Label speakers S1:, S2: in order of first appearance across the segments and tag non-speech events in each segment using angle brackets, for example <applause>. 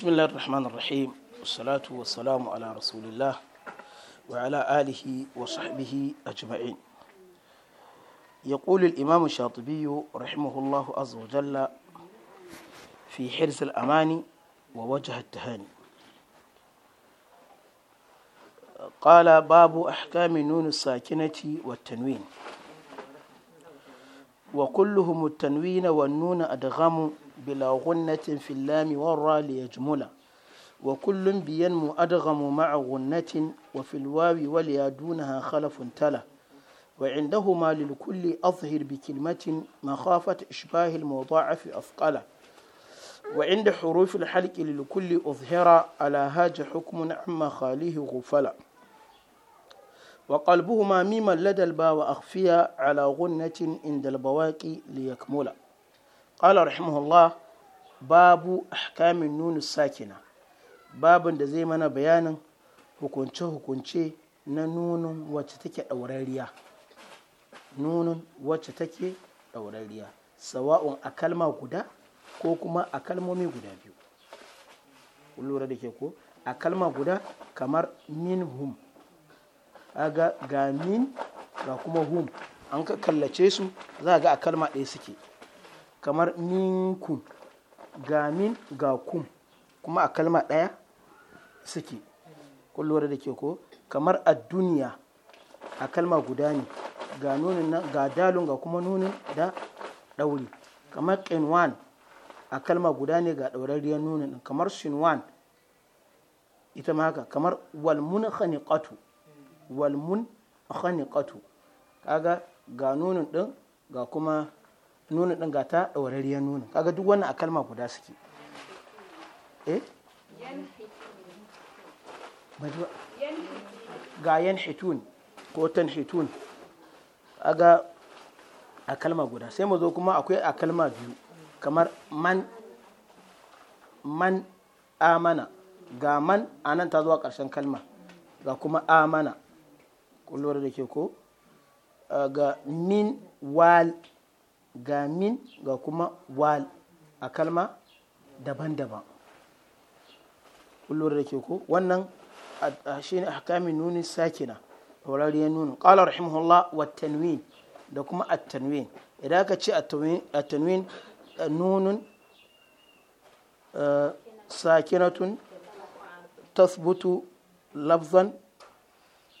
S1: بسم الله الرحمن الرحيم والصلاة والسلام على رسول الله وعلى آله وصحبه أجمعين يقول الإمام الشاطبي رحمه الله عز وجل في حرز الأماني ووجه التهاني قال باب أحكام نون الساكنة والتنوين وكلهم التنوين والنون أدغام بلا غنة في اللام والراء ليجملا وكل بينمو أدغم مع غنة وفي الواو وليا دونها خلف تلا وعندهما للكل أظهر بكلمة مخافة إشباه الموضع في أثقلا وعند حروف الحلق للكل أظهر على هاج حكم عما خاليه غفلا وقلبهما ميما لدى الباء وأخفيا على غنة عند البواكي ليكملا qala rahimahullah babu ahkamin nunu sakina babin da zai mana bayanin hukunce-hukunce na nunin wacce take ɗaurariya nunin wacce take ɗaurariya sawa'un a kalma guda ko kuma a kalmomi guda biyu lura da ke ko a kalma guda kamar min hum ga min ga kuma hum an ka kallace su za a ga a kalma ɗaya suke kamar minkum ga min ga kum kuma a kalma ɗaya suke kullum da ke ko kamar a duniya a kalma guda ne ga nunin nan ga dalun ga kuma nunin da ɗauri kamar ƙinwan a kalma guda ne ga ɗaurarriyar nunin kamar shinwan ita ma haka kamar walmun khaniqatu walmun khaniqatu kaga ga nunin ɗin ga kuma nuna ɗin ga ta ɗaurariyar nuna kaga duk wannan a kalma guda suke eh ga yan hitun ko tan hitun ga, a kalma guda sai mu zo kuma akwai a kalma biyu kamar man man amana ga man a nan ta zuwa ƙarshen kalma ga kuma amana kullum da ke ko ga min wal ga min ga kuma wal a kalma daban-daban da ke ko wannan shi ne hakamin nuni sakina taurariyar nunin ƙalar rahimahullah wa tanwin da kuma at-tanwin idan aka ce a tanwin eh, nunun eh, sakinatun tasbutu lafzan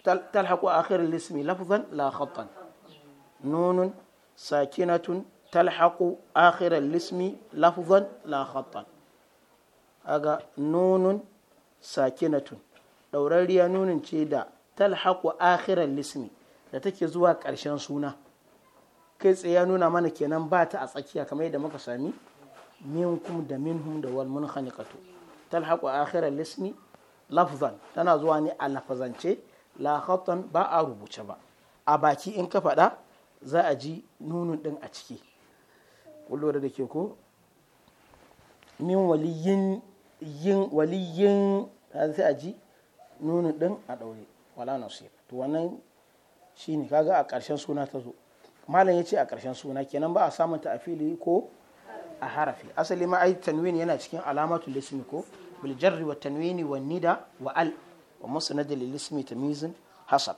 S1: talhaku akhir lismi lafzan la khattan nunun sakinatun talhaqu akhiral lismi lafzan la khattan aga nunun sakinatun daurariya nunin ce da talhaqu akhiral lismi da take zuwa ƙarshen suna kai tsaye ya nuna mana kenan ba ta a tsakiya kamar yadda muka sami minkum da minhum da wal munkhaniqatu talhaqu akhiral lismi lafzan tana zuwa ne a lafazance la khattan ba a rubuce ba a baki in ka faɗa za a ji nunin ɗin a ciki kullum da ke ko min waliyin yin waliyin sai a ji nunin ɗin a ɗaure wala nasir to wannan shine kaga a ƙarshen suna ta zo malam ya ce a karshen suna kenan ba a ta a fili ko a harafi asali ma ai tanwin yana cikin alamatu ismi ko bil jarri wa tanwini wa nida wa al wa musnad lil ismi tamyizin hasab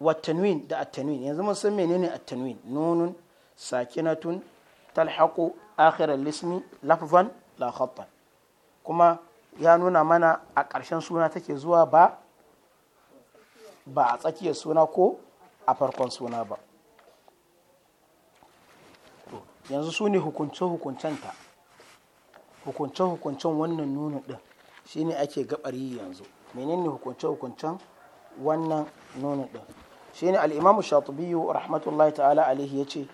S1: watanwin da attanwin yanzu mun san menene attanwin nunun sakinatun talhaqu akhirar lismi lafzan la khattan kuma ya nuna mana a ƙarshen suna take zuwa ba ba a tsakiyar suna ko a farkon suna ba yanzu su ne hukunce-hukuncenta hukunce-hukuncen wannan nunu ɗin shine ake gabar yi yanzu menene hukunce-hukuncen wannan nunu ɗin shine al-imam shatibi rahmatullahi ta'ala ya ce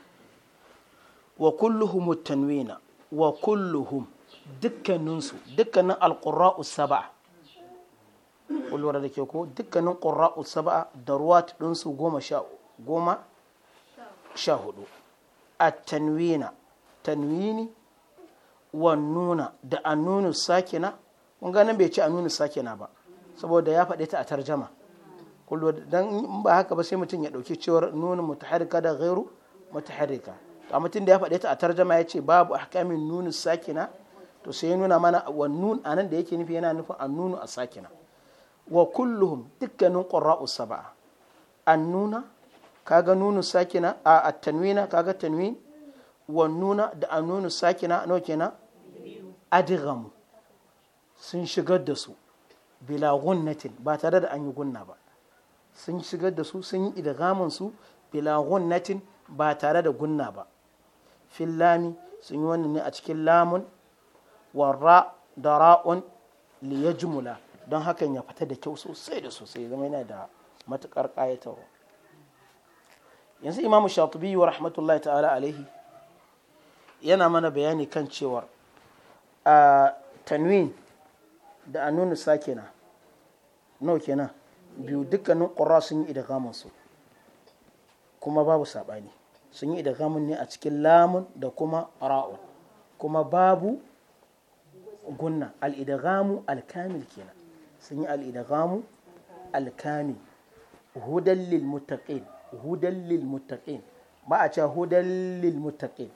S1: wa kulluhum tanwina wa kulluhum dukkaninsu dukkanin alqurra'u sab'a kullura da ke ko dukkanin qurra'u sab'a da ruwat dinsu goma sha goma sha hudu a tanwina tanwini wa nuna da annunu sakina kun ga nan bai ce annunu sakina ba saboda ya faɗe ta a tarjama kullu dan in ba haka ba sai mutum ya dauki cewar nunu mutaharrika da ghairu mutaharrika to mutum da ya faɗe ta a tarjama ya ce babu ahkamin nunu sakina to sai ya nuna mana wa nun anan da yake nufi yana nufin an nunu a sakina wa kulluhum dukkanin qurra'u sab'a an nuna kaga nunu sakina a at-tanwina kaga tanwin wa nuna da an nunu sakina nawa kenan adghamu sun shigar da su bila gunnatin ba tare da an yi gunna ba sun shigar da su sun yi idgamin su bila natin ba tare da gunna ba fil sun yi wannan ne a cikin lamun warra da ra'un liya yajmula don hakan ya fita da kyau sosai da sosai zama yana da matukar kayatarwa yanzu imamu shatubi wa rahmatullahi ta'ala alaihi yana mana bayani kan cewar a tanwin da a sakina nawa kenan biyu dukkanin ƙura sun yi idgamin su kuma babu saɓani sun yi idgamin ne a cikin lamun da kuma ra'un kuma babu gunna al'idagamu alkamil kenan sun yi al'idagamu idgamu hudallil mutaƙin hudallil mutaƙin ba a ce hudallil mutaƙin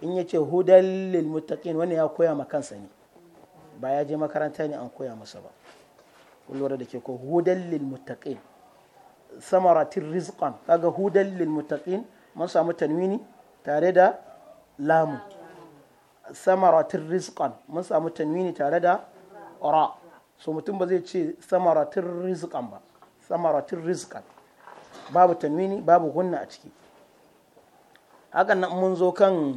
S1: in ya ce hudallil mutaƙin wani ya koya ma kansa ne ba ya je makaranta ne an koya masa ba kullura da ke ko hudan lil muttaqin samaratin rizqan kaga hudan lil muttaqin mun samu tanwini tare da lamu samaratin rizqan mun samu tanwini tare da ra so mutum ba zai ce samaratin rizqan ba samaratin rizqan babu tanwini babu hunna a ciki hakan nan mun zo kan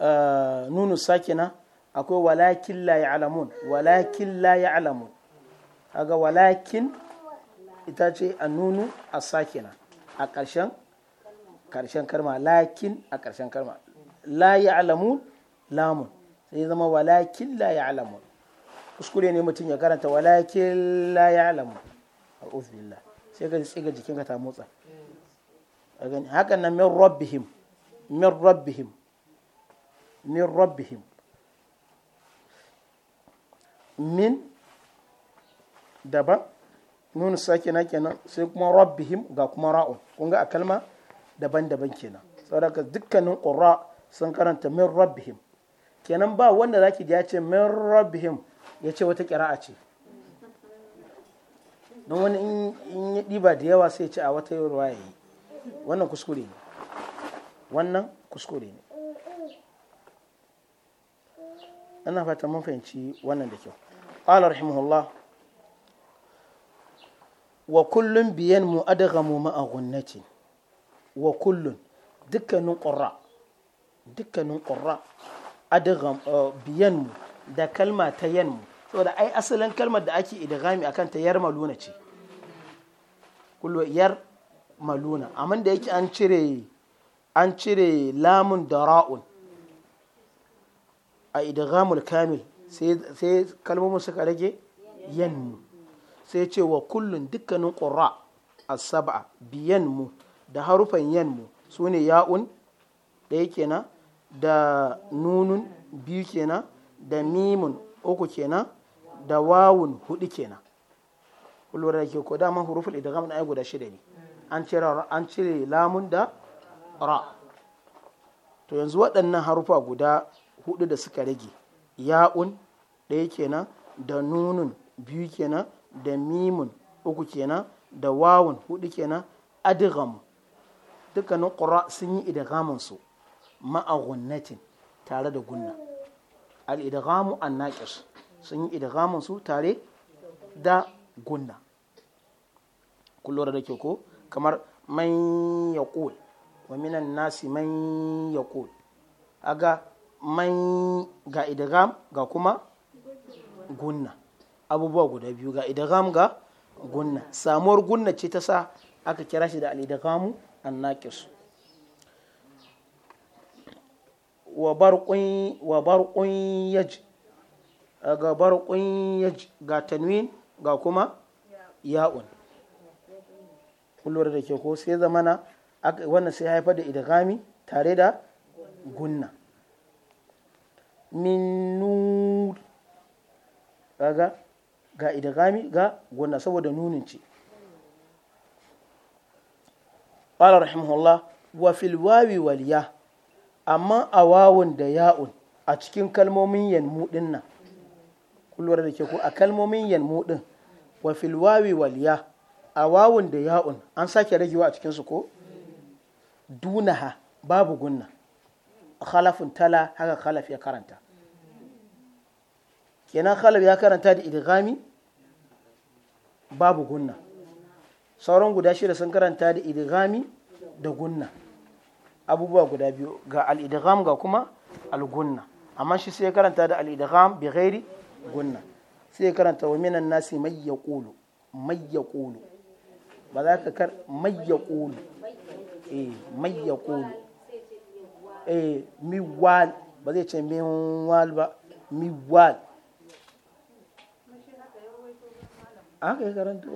S1: eh, nunu sakina akwai walakin la ya'lamun walakin la ya'lamun Aga walakin ita ce a nunu a sakina a ƙarshen ƙarshen karma lakin a ƙarshen karma la ya alamu lamun sai zama walakin la ya alamu kuskure ne mutum ya karanta walakin la ya alamu a uzbillah sai ka tsiga jikinka ta motsa hakan na min rabbihim min rabbihim min rabbihim min daban nunu sakina kenan sai kuma rabbihim ga kuma ra'un kun ga a kalma daban-daban kenan saboda dukkanin ƙura sun karanta min rabbihim kenan ba wanda zaki ki ya ce min rabbihim ya ce wata qira'a ce don wani in ya ɗiba da yawa sai ce a wata ruwa ya yi wannan kuskure ne wannan kuskure ne ana fata mun fahimci wannan da kyau قال رحمه wa kullum biyan mu adagamu ma'a ce wa kullum dukkanin ƙura dukkanin ƙura eh, biyan mu da kalma ta yan mu saboda ai asalin kalmar da ake idgami akan ta yar maluna ce kullum yar maluna amma da yake an cire an cire lamun da ra'un a idagamul kamil sai kalmomin suka rage yanmu sai ce wa kullun dukkanin ƙura a saba biyan mu da harufan yan mu su ne ya'un ɗaya kenan da nunun biyu kenan da mimun uku kenan da wawun hudu kenan kullum da ke ko dama idan gama na guda shida ne an cire an cire lamun da ra to yanzu waɗannan harufa guda hudu da suka rage ya'un ɗaya kenan da nunun biyu kenan da mimun uku kenan da wawun hudu kenan adgham dukkanin ƙura sun yi idghamin su ma'agunnatin tare da gunna al an naqis sun yi idghamin su tare da gunna Kullum da ke ko kamar man yaqul wa minan nasi man yaqul aga man ga idgham ga kuma gunna abubuwa guda biyu ga idgham ga gunna samuwar gunna ce ta sa aka kira shi da alidagamu an-naqis wa wa yaj ga barƙun yaj ga tanwin ga kuma ya'un kullum da ke ko sai zamana wannan sai haifar da idagami tare da gunna min nur ga idagami ga gona saboda nunin ce qala rahimahullah wa filwawi waliya amma a wawun da ya'un a cikin kalmomin yanmuɗin din nan kullum da ke ko a kalmomin yan wa filwawi waliya a wawun da ya'un an sake ragewa a cikin su ko dunaha babu gunna khalafin tala haka khalaf ya karanta kenan khalab ya karanta da idghami babu gunna sauran guda shida sun karanta da idghami da gunna abubuwa guda biyu ga al-idgham ga kuma al-gunna amma shi sai ya karanta da al-idgham bi ghairi gunna sai ya karanta wa minan nasi may yaqulu may yaqulu ba za ka kar may yaqulu eh may yaqulu eh miwal ba zai ce miwal ba miwal haka ya karanta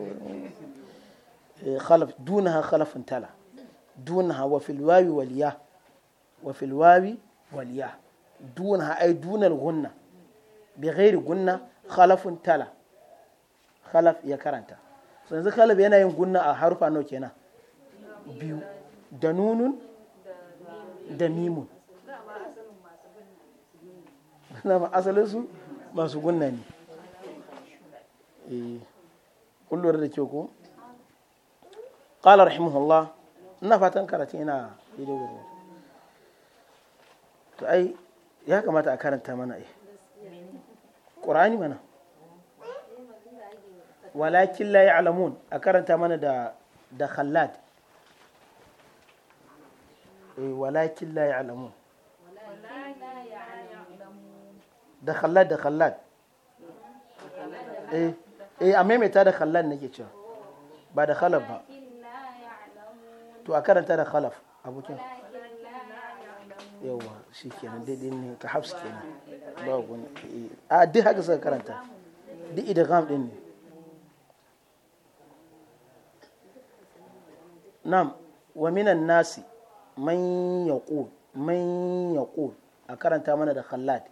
S1: eh, khalaf dunaha khalafun tala dunaha wa filwawi waliya wa filwawi wawi waliya dunaha ai dunal gunna bi ghairi gunna khalafun tala khalaf ya karanta yanzu khalaf yana yin gunna a harufa nawa kenan biyu da nunun da mimun na asalin su masu gunna ne eh. kun lura da kyau ko qala rahimahullah ina fatan karatu yana daidai gurbin to ai ya kamata a karanta mana eh ƙorani mana walakin layi alamun a karanta mana da da khallad eh, walakin layi alamun da khallad da khallad eh eh a maimaita da khallan nake cewa ba da khalaf ba to a karanta da khalaf abokin yawa shi kenan daidai ne ka hafs kenan ba wani eh, a duk haka suka karanta duk idgham din ne nam wa minan nasi man yaqul man yaqul a karanta mana da khallad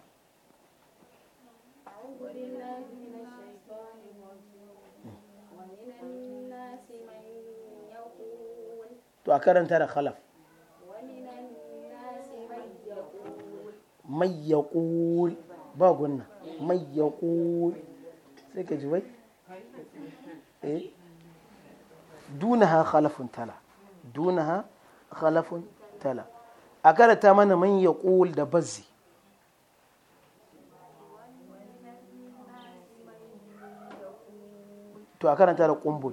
S1: to a karanta da khalaf mai yaqul ba gunna mai yaqul sai ka ji wai eh dunaha khalafun tala dunaha khalafun tala a karanta mana man yaqul da bazzi to a karanta da kumbul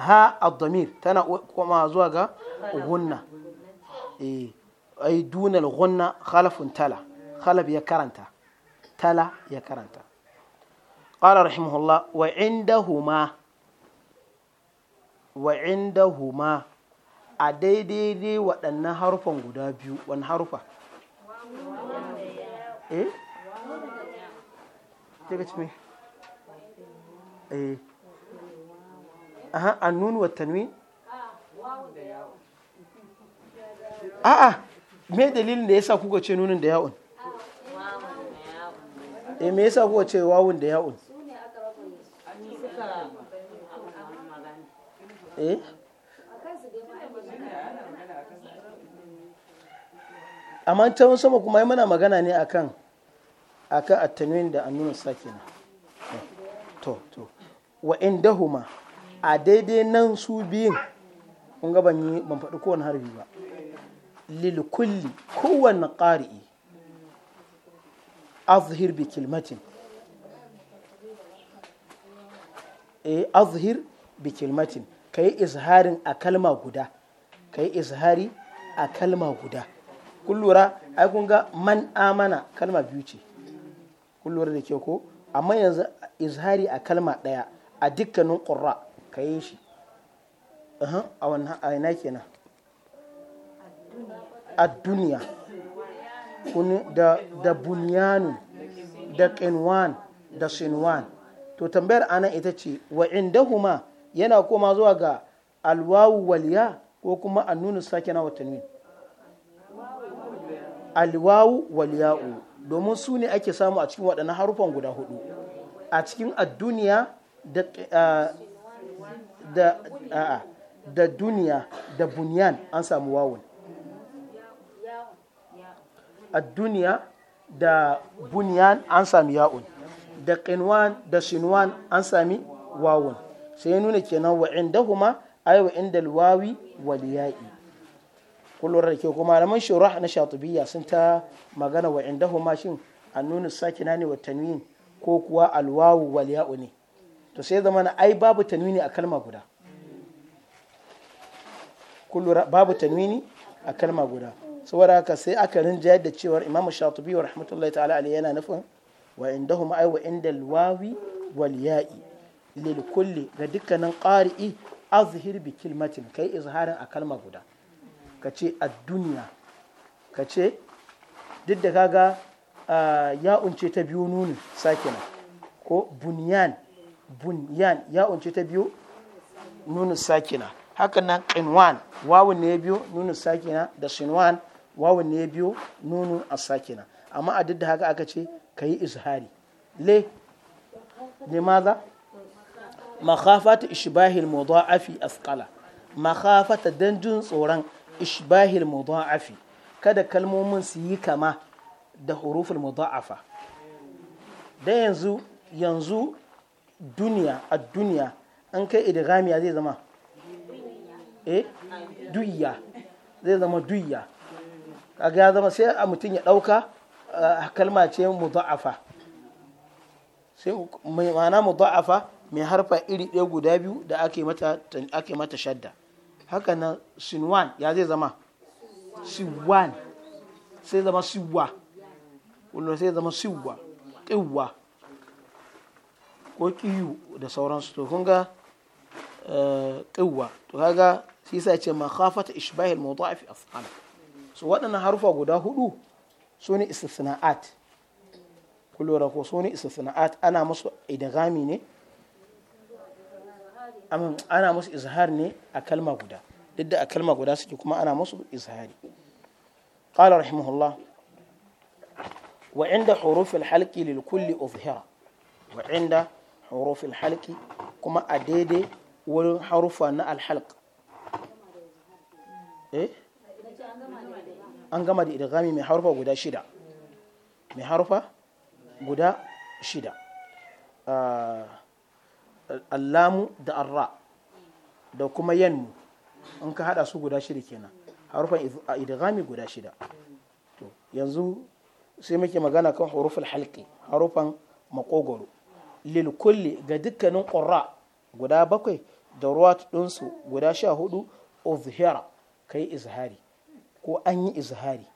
S1: ha al damir tana koma zuwa ga gunna eh ai al gunna khalafun tala khalaf ya karanta tala ya karanta qala rahimahullah wa indahuma wa indahuma a daidai dai waɗannan harufan guda biyu wani harufa eh aha annun wa tanwin ah, a'a me dalilin da yasa kuka ce nunin da ya'un e me yasa kuka ce wawun da ya'un eh amma ta sama kuma yi mana magana ne akan akan at-tanwin da annun sakin to to wa indahuma a daidai nan su biyun kun ga ban faɗi kowane harbi ba lil kulli kowanne ƙari'i azhir bi kilmatin eh azhir bi kilmatin ka yi izharin a kalma guda ka yi izhari a kalma guda kun lura ai kun ga man amana kalma biyu ce kun lura da ke ko amma yanzu izhari a kalma ɗaya a dukkanin ƙura. ka yi shi a wannan aina kenan a duniya da bunyanu da kinwan da sinwan to tambayar ana ita ce wa huma yana koma zuwa ga alwawu waliya ko kuma nuna sake na watanni alwawu waliya'u domin su ne ake samu a cikin waɗannan harufan guda hudu a cikin adduniya da da da duniya da bunyan an samu wawun a duniya da bunyan an sami ya'un da kinwan da shinwan an sami wawun sai nuna kenan wa indahuma ay wa inda wawi wal ya'i kullum da kuma malaman shurah na shatubiyya sun ta magana wa inda kuma shin an nuna sakina ne wa ko kuwa alwawu wal ne to sai zama na ai babu tanwini a kalma guda babu tanwini a kalma guda saboda haka sai aka rinjayar da cewar imam shatubi wa rahmatullahi ta'ala alaihi yana nufin wa indahum ai wa indal wawi wal ya'i lil kulli ga dukkanin qari'i azhir bi kalmatin kai izharin a kalma guda kace ad-dunya kace duk da kaga ah, ya unce ta biyu nuni sakina ko bunyan bunyan ya unce ta biyu nunu sakina haka nan qinwan wawun ne biyu nunu sakina da sinwan wawun ne biyu nunu asakina amma a duk da haka aka ce kayi izhari le limaza makhafata ishbahil mudha'afi asqala makhafata dan jin tsoron ishbahil mudha'afi kada kalmomin su yi kama da huruful mudha'afa da yanzu yanzu duniya a duniya an kai idigamiya zai zama eh zai zama duniya kaga ya zama sai a mutum ya ɗauka eh, kalma ce mudha'afa sai mai ma'ana mudha'afa mai harfa iri ɗaya guda biyu da ake mata ake mata shadda haka na sinwan ya zai zama siwan sai zama siwa kullum sai zama siwa ƙiwa ko ƙiyu da sauransu to kun ga ƙiwa eh, to kaga shi yasa ce ma khafata ishbahil mawdu'a fi af'al so waɗannan harufa guda hudu su ne istisna'at ku lura ko su ne istisna'at ana musu idghami ne ana musu izhar ne a kalma guda duk da a kalma guda suke kuma ana musu izhari qala rahimahullah wa inda hurufil halqi lil kulli uzhira wa inda hurufil halki kuma a daidai wurin harufa na alhalq eh an gama da idghami mai harufa guda shida mai harufa guda shida allamu da arra da kuma yanmu an ka hada su guda shida kenan harufan idghami guda shida yanzu sai muke magana kan huruful halki harufan makogoro lilkulli ga dukkanin ƙura guda bakwai da ruwa ɗinsu guda sha hudu uzhira ka yi izhari ko an yi izhari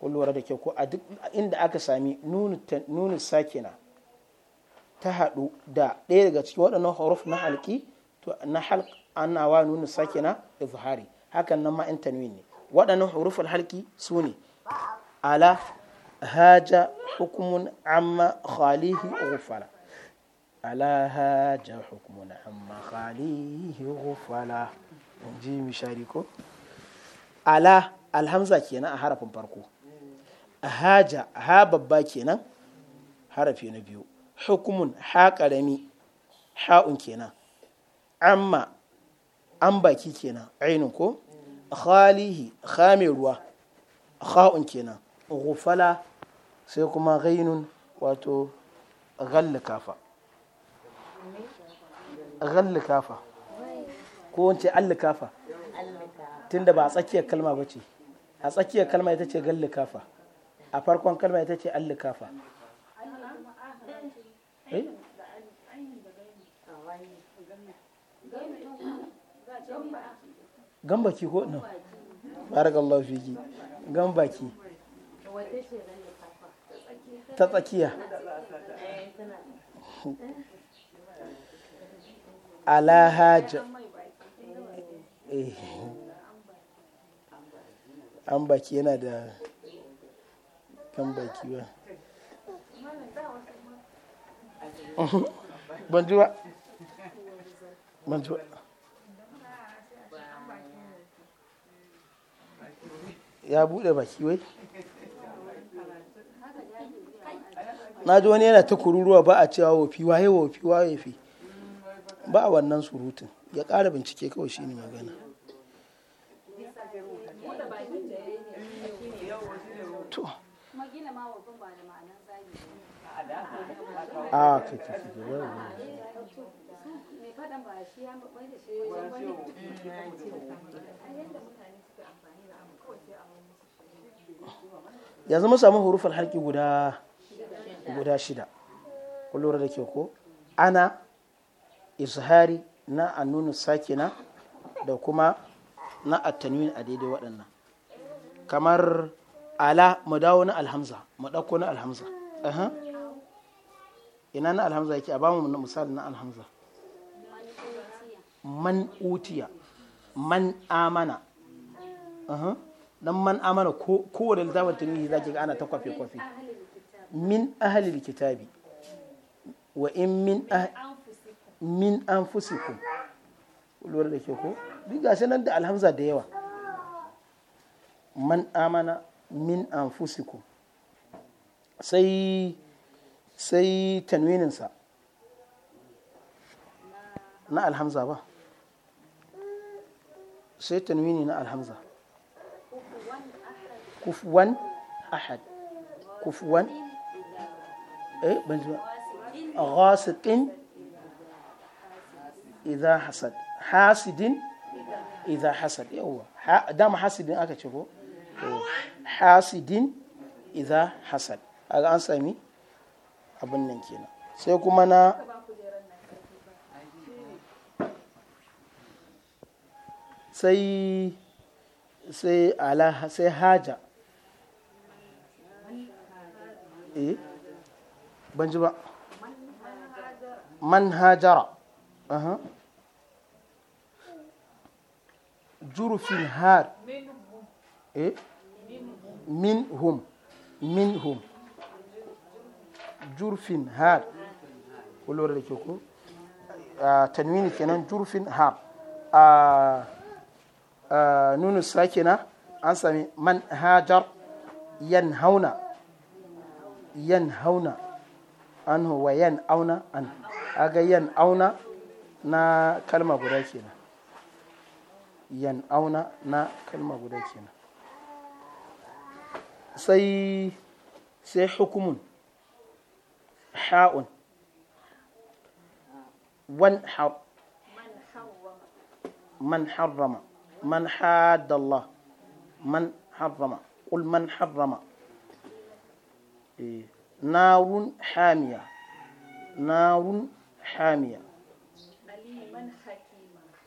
S1: kun da kyau ko a duk inda aka sami nunu sakina ta haɗu da ɗaya daga cikin waɗannan huruf na halki to na halk ana wa nunu sakina izhari hakan nan ma in tanwin ne waɗannan huruful halki su ne ala haja hukumun amma khalihi ghufala ala haja hukmuna amma khalihi ghufala in ji mishari ko ala alhamza kenan a harafin farko haja ha babba kenan harafi na biyu hukumun ha karami ha'un kenan amma an baki kenan ainihin ko khalihi kha mai ruwa kha'un kenan ghufala sai kuma ghainun wato ghalla kafa gallikafa ko wance allikafa tunda ba a tsakiyar kalma ba ce a tsakiyar kalma ita ce gallikafa a farkon kalma ita ce allikafa eh? gambaki ko nan barakallahu fiki gambaki ta tsakiya eh, ala
S2: eh. <laughs>
S1: ya bude baki wai na ji wani yana ta kururuwa ba a cewa wofi waye wofi waye fi ba wannan surutun ya ƙara bincike kawai shi ne magana to ah, yanzu mun samu hurufar harki guda shida kullum da ke ko ana izhari na annunu sakina da kuma na attanuyin a daidai waɗannan kamar ala mu dawo na alhamza mu ɗauko na alhamza ina na alhamza yake a bamu na misali na alhamza man utiya man amana don man amana kowane littafin tunihi za ki ga ana ta kwafe-kwafe min ahalil kitabi wa in min ahalil min an ku lura da ke ko duk gashi nan da alhamza da yawa man amana min ku sai sai tanwininsa na alhamza ba sai tanwini na alhamza kufuwan ahad kufuwan eh a ghasiqin idan hasad hasidin idan hasad yauwa dama hasidin aka ce ko hasidin idan hasad aga an sami abin nan kenan sai kuma na sai sai ala sai haja eh ban ji ba man hajara aha jurufin har eh min hum min hum jurfin har kullum da ke tanwini kenan jurfin har nunu sakina an sami man hajar yan hauna yan hauna an wa yan auna an aga yan auna na kalma guda kenan yan auna na kalma guda kenan sai sai hukumun ha'un wan ha man harrama man haddallah man harrama قل من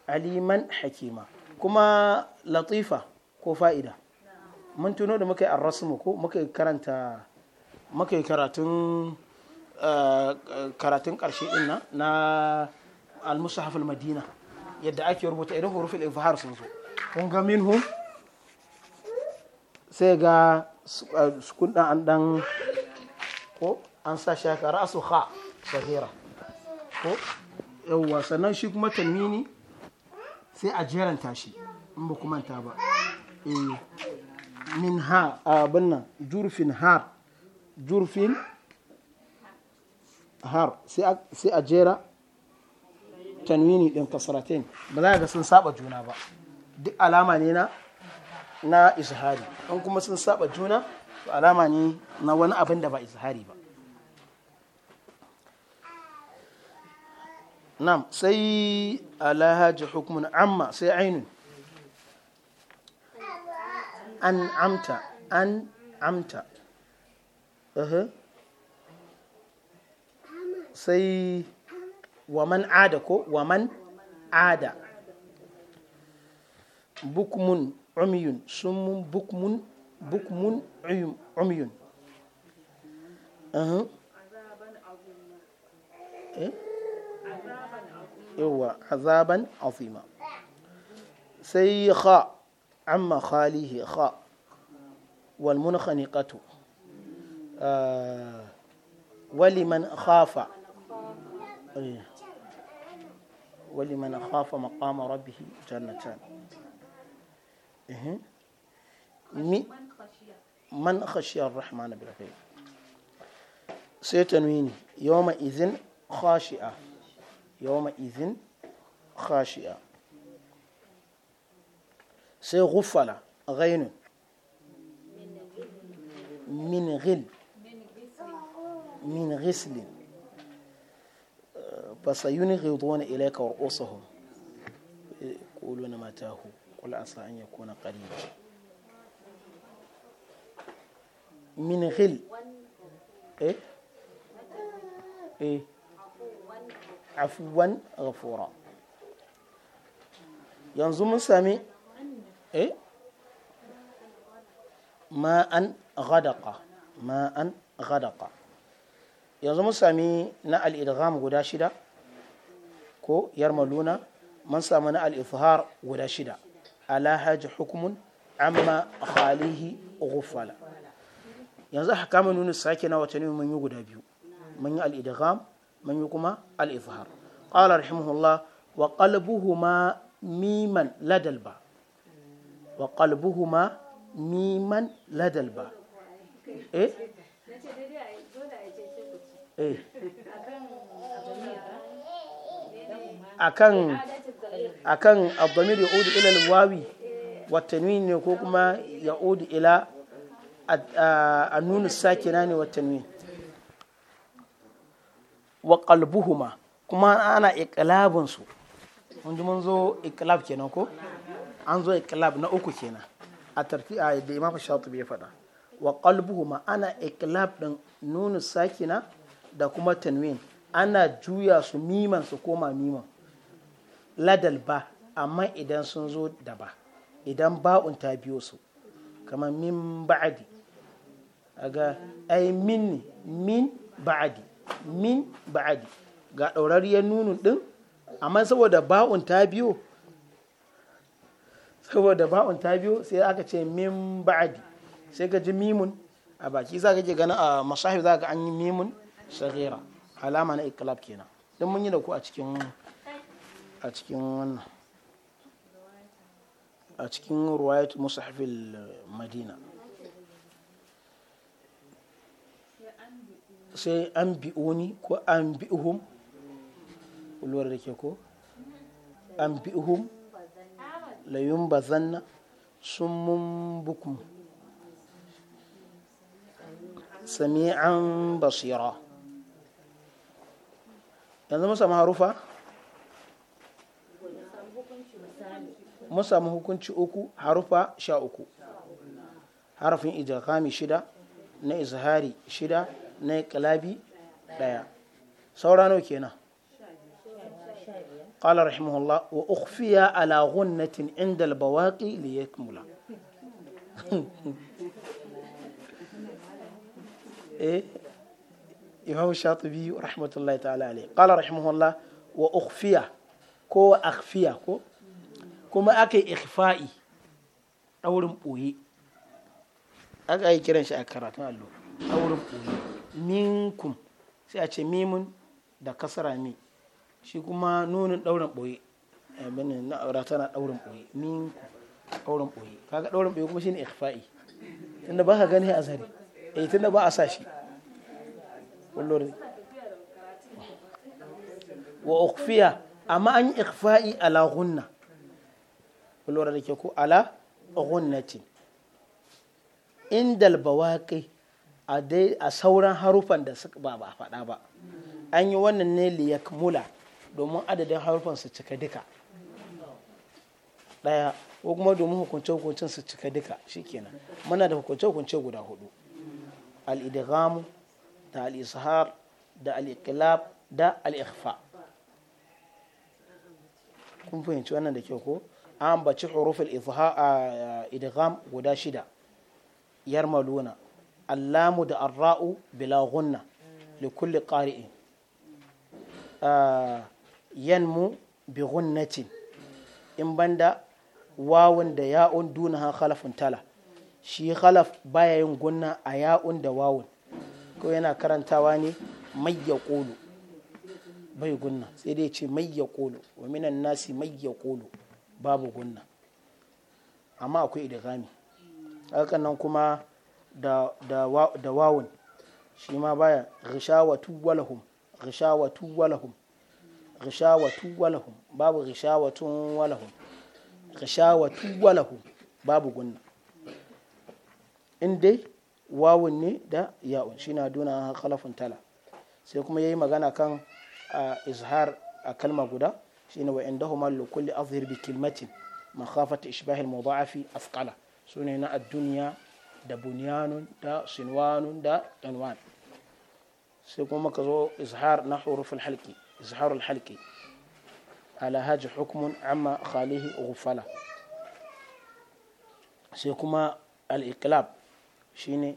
S1: aliman hakima kuma latifa ko fa'ida mun tuno da muka yi arrasmu ko muka yi karanta muka yi karatun eh, karatun karshe din na na al madina yadda ake rubuta idan hurufin ifhar sun zo kun ga minhum sai ga eh, sukun dan an dan ko an sa shaka ra'su kha sahira ko yawwa sannan shi kuma tanmini sai a jeran shi in ba manta ba eh, min ha abin nan jurfin har jurfin har sai a jera tanwini din kasratain ba za ga sun saba juna ba duk alama ne na na ishari an kuma sun saba juna alama ne na wani abin da ba ishari ba nam sai alhaji hukumun amma sai ainun an amta an amta sai waman ada ko waman ada bukmun umiyun summun bukmun bukmun umiyun azaban azumun eh هو عذابا عظيما sai kha amma khalihi kha wal ولمن خاف إيه. ولمن خاف مقام ربه جنتان إيه. من خشي الرحمن بالغيب سيتنويني يومئذ خاشئة yawma izin khashi'a sai ghufala ghainu min ghil min ghislin basa yuni ghidona ilaika wa usahu kulu na matahu kula asa an ya kuna qarib min ghil eh eh afuwan ghafura yanzu mun sami eh an ghadaqa ghadaqa yanzu mun sami na al-idgham guda shida ko yarmaluna mun sami na al-ifhar guda shida ala hajj hukumun amma khalihi ghufala yanzu hakamun nunu sake na watanni mun yi guda biyu mun yi al-idgham mun yi kuma al-ifhar qala rahimahullah wa qalbuhuma miman ladalba wa qalbuhuma miman ladalba eh eh akan akan abdamir ya'udu ila al-wawi ne ko kuma ila wa kalbuhuma kuma ana iqlabun su mun ji mun zo iqlab kenan ko an zo ikilab na uku kenan a tarfi a da imam shatu bai faɗa wa kalbuhuma ana ikilab din nuna sakina da kuma tanwin ana juya su miman su koma miman ladal ba amma idan sun zo da ba idan ba'un ta biyo su kamar min ba'adi aga ai min ba'adi min ba'adi ga ɗaurariyar nunun ɗin amma saboda ba'un ta biyo saboda ba'un ta biyo sai aka ce min ba'adi sai ka ji mimun a baki za ka ke gani a masahib za ka an yi mimun shagera alama na ikilab kenan don mun yi da ku a cikin a cikin wannan a cikin ruwayat madina sai an bi'uni ko an bi'uhum Ulwar da ke ko an bi'uhum layun bazanna sun mun bukum sami'an basira yanzu mu samu harufa mu samu hukunci uku harufa sha uku harafin ijakami shida na izhari shida na kalabi daya saurano kenan qala rahimahullah wa ukhfiya ala ghunnatin inda albawaqi li <laughs> eh, kiran shi a karatun allo minkum sai a ce mimun da kasara mi shi kuma nunin ɗaurin ɓoye abinin na'ura tana ɗaurin ɓoye minkum ɗaurin ɓoye kaga ɗaurin ɓoye kuma shine ikhfa'i tunda ba ka gani a zari eh tunda ba a sa shi kullum wa ukhfiya amma an yi ikhfa'i ala gunna kullum da ke ko ala gunnatin indal bawaqi a sauran harufan da suka ba ba faɗa ba an yi wannan ne liyakmula domin adadin harufan su cika duka ɗaya ko kuma domin hukunce-hukuncen su cika duka shikenan muna da hukunce-hukunce guda hudu al'idigamu da al'isahar da al'ikilab da al'ikfa kun fahimci wannan da kyau ko an bace hurufin idigam guda shida yarmaluna allamu da arra'u bila gunna li kulli qari'in ah, yanmu bi gunnatin in banda wawun da ya'un dunaha khalafun tala shi khalaf baya yin gunna a ya'un da wawun ko yana karantawa ne mai ya bai gunna sai dai ce mai ya kolo wa minan nasi mai ya kolo babu gunna amma akwai idgami haka nan kuma da wawun shi ma baya rishawatu walahum rishawatu walahum rishawatu walahum babu rishawatun walahum rishawatu walahum babu gunna in dai wawun ne da ya'un shi na duna khalafin tala sai kuma yayi magana kan izhar a kalma guda shine wa indahuma likulli azhir bi kilmatin makhafat ishbah al mudha'afi asqala sune na ad-dunya da bunyanun da sinwanun da unwan sai kuma ka zo izhar na Hurufin halki izharul halki Alhaji Hukumun hukmun amma khalihi ugufala sai kuma al-iqlab shine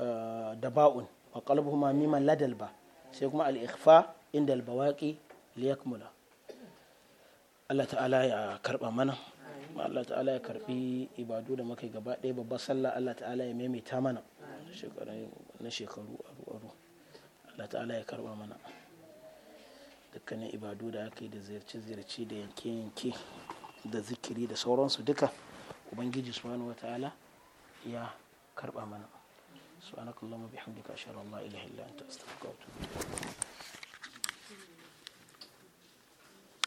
S1: eh, daba'un wa qalbuhuma ma ladal ladalba. sai kuma al-ikhfa inda al-bawaqi liyakmula Allah ta'ala ya karba mana kuma Allah ta'ala ya karbi ibadu da muka gaba ɗaya babba sallah Allah ta'ala ya maimaita mana na shekaru aru aru Allah ta'ala ya karba mana dukkanin ibadu da aka yi da ziyarce ziyarce da yanke yanke da zikiri da sauransu duka ubangiji subhanahu wa ta'ala ya karba mana subhanakallahumma bihamdika ashhadu an la ilaha illa anta